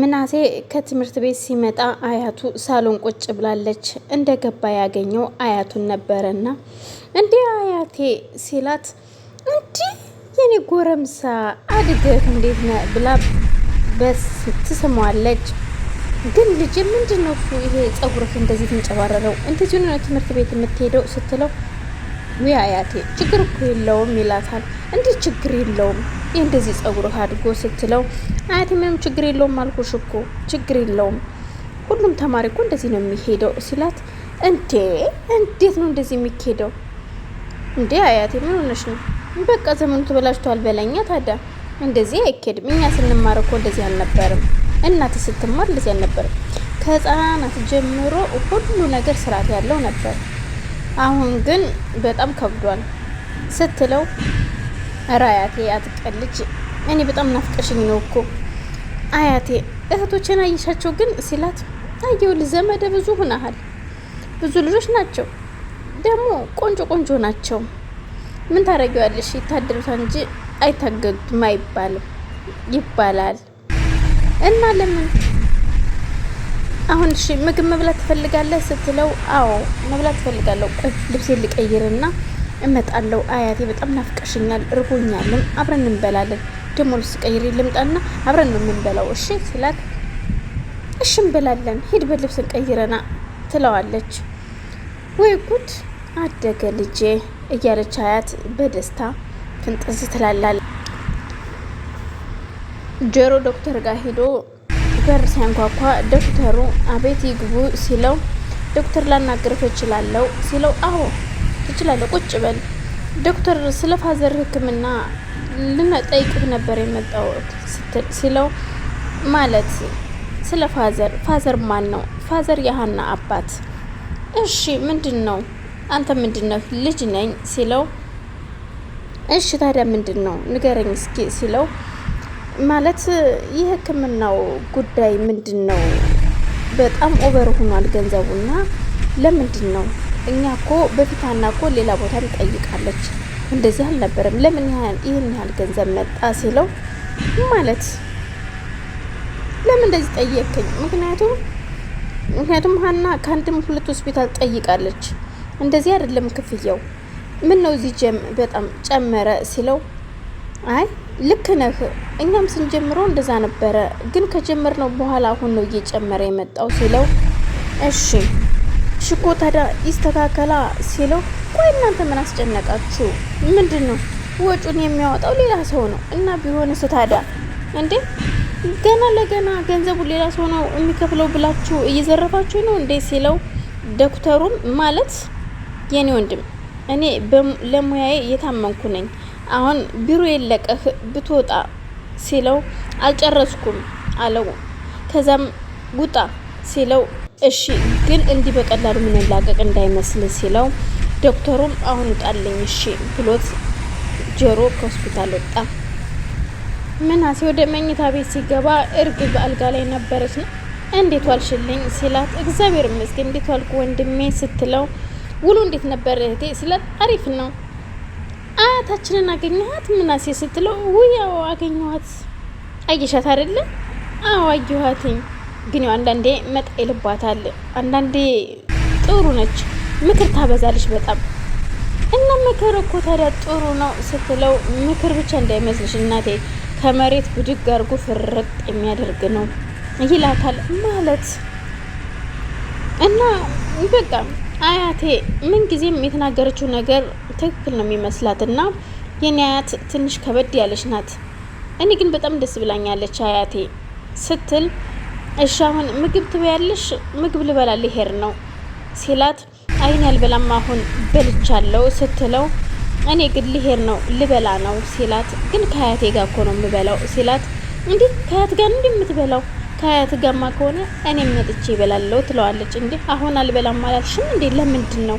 ምናሴ ከትምህርት ቤት ሲመጣ አያቱ ሳሎን ቁጭ ብላለች። እንደ ገባ ያገኘው አያቱን ነበረና እንዲህ አያቴ ሲላት እንዲህ የኔ ጎረምሳ አድገህ እንዴት ነ ብላ በስ ትስሟለች። ግን ልጅ ምንድን ነው ይሄ ጸጉርህ እንደዚህ ትንጨባረረው እንደዚህ ነው ትምህርት ቤት የምትሄደው ስትለው ውይ አያቴ ችግር እኮ የለውም ይላታል። እንዲህ ችግር የለውም እንደዚህ ጸጉርህ አድጎ ስትለው አያትሚያም ችግር የለውም አልኩሽ እኮ ችግር የለውም ሁሉም ተማሪ እኮ እንደዚህ ነው የሚሄደው ሲላት፣ እንዴ እንዴት ነው እንደዚህ የሚሄደው እንዴ? አያቴ ምን ሆነሽ ነው? በቃ ዘመኑ ተበላሽቷል በለኛ። ታዲያ እንደዚህ አይኬድም። እኛ ስንማር እኮ እንደዚህ አልነበርም። እናት ስትማር እንደዚህ አልነበርም። ከህፃናት ጀምሮ ሁሉ ነገር ስርዓት ያለው ነበር። አሁን ግን በጣም ከብዷል ስትለው ኧረ አያቴ አትቀልጅ። እኔ በጣም ናፍቀሽኝ ነው እኮ አያቴ። እህቶችን አየሻቸው ግን ሲላት አየሁልህ፣ ዘመደ ብዙ ሆነሃል። ብዙ ልጆች ናቸው ደግሞ ቆንጆ ቆንጆ ናቸው። ምን ታደርጊዋለሽ? ይታደሉታል እንጂ አይታገዱትም አይባልም ይባላል። እና ለምን አሁን እሺ ምግብ መብላት ትፈልጋለህ ስትለው፣ አዎ መብላት ትፈልጋለሁ፣ ቆይ ልብሴ ልቀይርና እመጣለሁ አያቴ፣ በጣም ናፍቀሽኛል፣ እርቦኛልም፣ አብረን እንበላለን። ደግሞ ልብስ ቀይሬ ልምጣና አብረን ነው የምንበላው እሺ ስላት፣ እሺ እንበላለን፣ ሂድ በልብስ ቀይረና ትለዋለች። ወይ ጉድ አደገ ልጄ እያለች አያት በደስታ ፍንጥዝ ትላላል። ጆሮ ዶክተር ጋር ሂዶ በር ሲያንኳኳ ዶክተሩ አቤት ይግቡ ሲለው ዶክተር ላናገርፍ እችላለሁ ሲለው አዎ ትችላለህ፣ ቁጭ በል ዶክተር ስለ ፋዘር ህክምና ልጠይቅህ ነበር የመጣሁት ሲለው ማለት ስለ ፋዘር ፋዘር ማን ነው? ፋዘር የሀና አባት። እሺ ምንድን ነው? አንተ ምንድን ነህ? ልጅ ነኝ ሲለው እሺ ታዲያ ምንድን ነው ንገረኝ እስኪ ሲለው ማለት የህክምናው ጉዳይ ምንድን ነው? በጣም ኦቨር ሆኗል ገንዘቡና ለምንድን ነው እኛ እኮ በፊታና ሀና እኮ ሌላ ቦታ ትጠይቃለች፣ እንደዚህ አልነበረም። ለምን ይህን ያህል ገንዘብ መጣ ሲለው ማለት ለምን እንደዚህ ጠየቅኝ? ምክንያቱም ምክንያቱም ሀና ከአንድም ሁለት ሆስፒታል ጠይቃለች። እንደዚህ አይደለም ክፍያው ምን ነው እዚህ ጀም በጣም ጨመረ ሲለው አይ ልክ ነህ፣ እኛም ስንጀምረው እንደዛ ነበረ፣ ግን ከጀመርነው በኋላ አሁን ነው እየጨመረ የመጣው ሲለው እሺ ሽኮ ታዲያ ይስተካከላ ሲለው፣ ቆይ እናንተ ምን አስጨነቃችሁ? ምንድን ነው ወጩን የሚያወጣው ሌላ ሰው ነው እና እሱ ታዲያ እንዴ ገና ለገና ገንዘቡ ሌላ ሰው ነው የሚከፍለው ብላችሁ እየዘረፋችሁ ነው እንዴ ሲለው፣ ዶክተሩም ማለት የኔ ወንድም እኔ ለሙያዬ የታመንኩ ነኝ። አሁን ቢሮ የለቀህ ብትወጣ ሲለው አልጨረስኩም አለው። ከዛም ውጣ ሲለው እሺ ግን እንዲህ በቀላሉ ምንላቀቅ እንዳይመስል ሲለው ዶክተሩም አሁን ውጣልኝ እሺ ብሎት ጆሮ ከሆስፒታል ወጣ። ምናሴ ወደ መኝታ ቤት ሲገባ እርግብ አልጋ ላይ ነበረች። እንዴት ዋልሽልኝ ሲላት እግዚአብሔር ይመስገን እንዴት ዋልኩ ወንድሜ ስትለው ውሎ እንዴት ነበር እህቴ ሲላት አሪፍ ነው። አያታችንን አገኘኋት ምናሴ ስትለው ውያው አገኘኋት አየሻት አይደለ? አዎ አየኋትኝ ግን ያው አንዳንዴ መጣ ይልባታል። አንዳንዴ ጥሩ ነች፣ ምክር ታበዛለች በጣም እና ምክር እኮ ታዲያ ጥሩ ነው ስትለው ምክር ብቻ እንዳይመስልሽ እናቴ ከመሬት ብድግ አድርጎ ፍርጥ የሚያደርግ ነው ይላታል ማለት እና በቃ አያቴ ምን ጊዜም የተናገረችው ነገር ትክክል ነው የሚመስላት እና የኔ አያት ትንሽ ከበድ ያለች ናት። እኔ ግን በጣም ደስ ብላኛለች አያቴ ስትል እሺ አሁን ምግብ ትበያለሽ? ምግብ ልበላ ልሄድ ነው ሲላት አይን ያልበላም አሁን በልቻለሁ ስትለው እኔ ግን ልሄድ ነው ልበላ ነው ሲላት፣ ግን ከአያቴ ጋር እኮ ነው የምበላው ሲላት፣ እንዴት ከአያት ጋር እንዲህ የምትበላው ከአያት ጋማ ከሆነ እኔ መጥቼ እበላለሁ ትለዋለች። እንዴ አሁን አልበላም አላልሽም እንዴ? ለምንድን ነው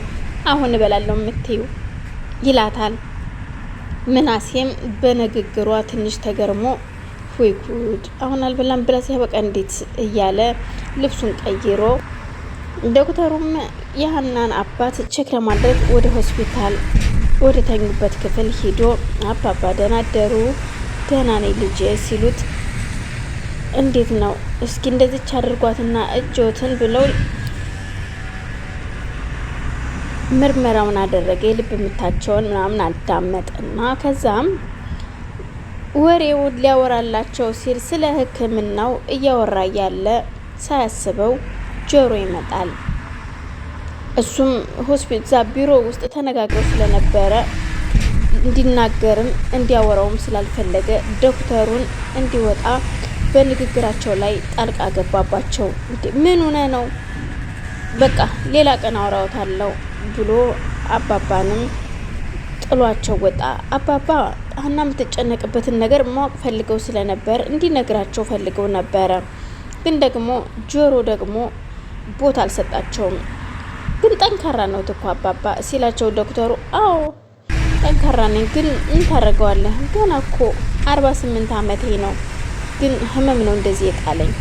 አሁን እበላለሁ የምትይው? ይላታል። ምናሴም በንግግሯ ትንሽ ተገርሞ ወይ ጉድ አሁን አልበላም ብላ ሲያበቃ እንዴት እያለ ልብሱን ቀይሮ ዶክተሩም የሀናን አባት ቼክ ለማድረግ ወደ ሆስፒታል ወደ ተኙበት ክፍል ሂዶ አባባ ደህና ደሩ ደህና ነኝ ልጄ ሲሉት እንዴት ነው እስኪ እንደዚች አድርጓትና እጆትን ብለው ምርመራውን አደረገ። የልብ ምታቸውን ምናምን አዳመጠና ከዛም ወሬውን ሊያወራላቸው ሲል ስለ ሕክምናው እያወራ ያለ ሳያስበው ጆሮ ይመጣል። እሱም ሆስፒታል ቢሮ ውስጥ ተነጋግረው ስለነበረ እንዲናገርም እንዲያወራውም ስላልፈለገ ዶክተሩን እንዲወጣ በንግግራቸው ላይ ጣልቃ ገባባቸው። ምን ሆነ ነው በቃ ሌላ ቀን አወራዎታለሁ ብሎ አባባንም ጥሏቸው ወጣ። አባባ ሀና የምትጨነቅበትን ነገር ማወቅ ፈልገው ስለነበር እንዲነግራቸው ፈልገው ነበረ። ግን ደግሞ ጆሮ ደግሞ ቦታ አልሰጣቸውም። ግን ጠንካራ ነው ትኮ አባባ ሲላቸው ዶክተሩ አዎ ጠንካራ ነኝ፣ ግን እንታደርገዋለህ ገና እኮ አርባ ስምንት አመቴ ነው፣ ግን ህመም ነው እንደዚህ የጣለኝ።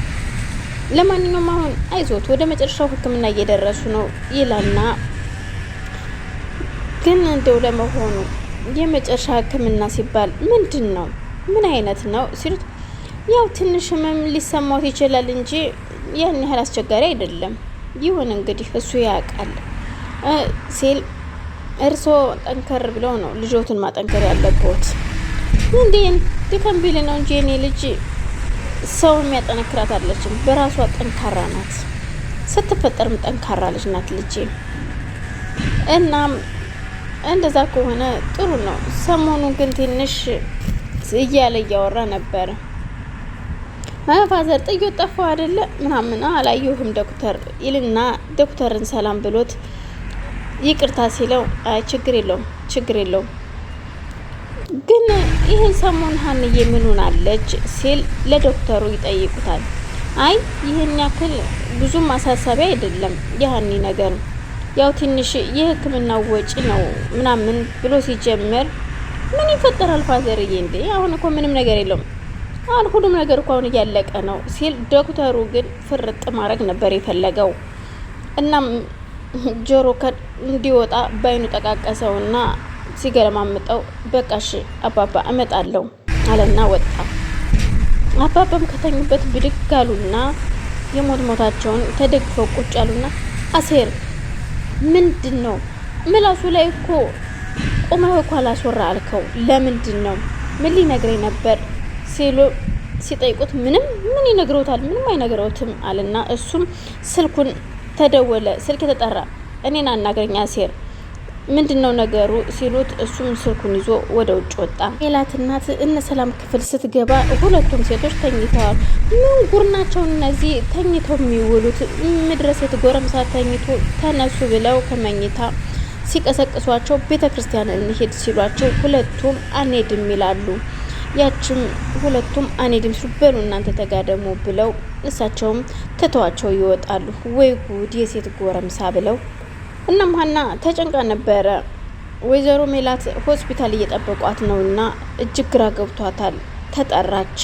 ለማንኛውም አሁን አይዞት ወደ መጨረሻው ህክምና እየደረሱ ነው ይላና ግን እንደው ለመሆኑ የመጨረሻ ህክምና ሲባል ምንድን ነው? ምን አይነት ነው ሲሉት ያው ትንሽ ህመም ሊሰማት ይችላል እንጂ ያን ያህል አስቸጋሪ አይደለም። ይሁን እንግዲህ እሱ ያውቃል ሲል እርሶ ጠንከር ብለው ነው ልጆትን ማጠንከር ያለብዎት። እንዴን ድከም ቢል ነው እንጂ የኔ ልጅ ሰው የሚያጠነክራት አለችም። በራሷ ጠንካራ ናት። ስትፈጠርም ጠንካራ ልጅ ናት ልጄ። እናም እንደዛ ከሆነ ጥሩ ነው። ሰሞኑ ግን ትንሽ እያለ እያወራ ነበረ። ፋዘር ጥዩ ጠፋ አይደለ ምናምን አላየሁም ዶክተር ይልና ዶክተርን ሰላም ብሎት ይቅርታ ሲለው አይ ችግር የለውም ችግር የለውም ግን ይህን ሰሞን ሀንዬ ምንሆናለች ሲል ለዶክተሩ ይጠይቁታል። አይ ይህን ያክል ብዙም ማሳሰቢያ አይደለም የሀኒ ነገር ነው ያው ትንሽ የህክምና ወጪ ነው ምናምን ብሎ ሲጀምር ምን ይፈጠራል ፋዘርዬ? እንዴ አሁን እኮ ምንም ነገር የለውም አሁን ሁሉም ነገር እኮ አሁን እያለቀ ነው ሲል ዶክተሩ ግን ፍርጥ ማድረግ ነበር የፈለገው። እናም ጆሮ እንዲወጣ በአይኑ ጠቃቀሰው እና ሲገለማምጠው በቃሽ አባባ እመጣለሁ አለና ወጣ። አባባም ከተኙበት ብድግ አሉና የሞት ሞታቸውን ተደግፈው ቁጭ አሉና አሴር ምንድን ነው ምላሱ ላይ እኮ ቆመህ እኮ አላስወራ አልከው ለምንድን ነው ምን ሊነግረኝ ነበር ሲሉ ሲጠይቁት ምንም ምን ይነግረውታል ምንም አይነግረውትም አለና እሱም ስልኩን ተደወለ ስልክ የተጠራ እኔን አናግረኝ አሴር ምንድን ነው ነገሩ ሲሉት እሱም ስልኩን ይዞ ወደ ውጭ ወጣ። ሜላት እናት እነ ሰላም ክፍል ስትገባ ሁለቱም ሴቶች ተኝተዋል። ምን ጉር ናቸው እነዚህ ተኝተው የሚውሉት? ምድረሴት ጎረምሳ ተኝቶ ተነሱ ብለው ከመኝታ ሲቀሰቅሷቸው ቤተ ክርስቲያን እንሄድ ሲሏቸው ሁለቱም አንሄድም ይላሉ። ያችም ሁለቱም አንሄድም ሲሉ በሉ እናንተ ተጋደሙ ብለው እሳቸውም ትተዋቸው ይወጣሉ። ወይ ጉድ የሴት ጎረምሳ ብለው እናም ሀና ተጨንቃ ነበረ። ወይዘሮ ሜላት ሆስፒታል እየጠበቋት ነውና እጅግ ግራ ገብቷታል። ተጠራች።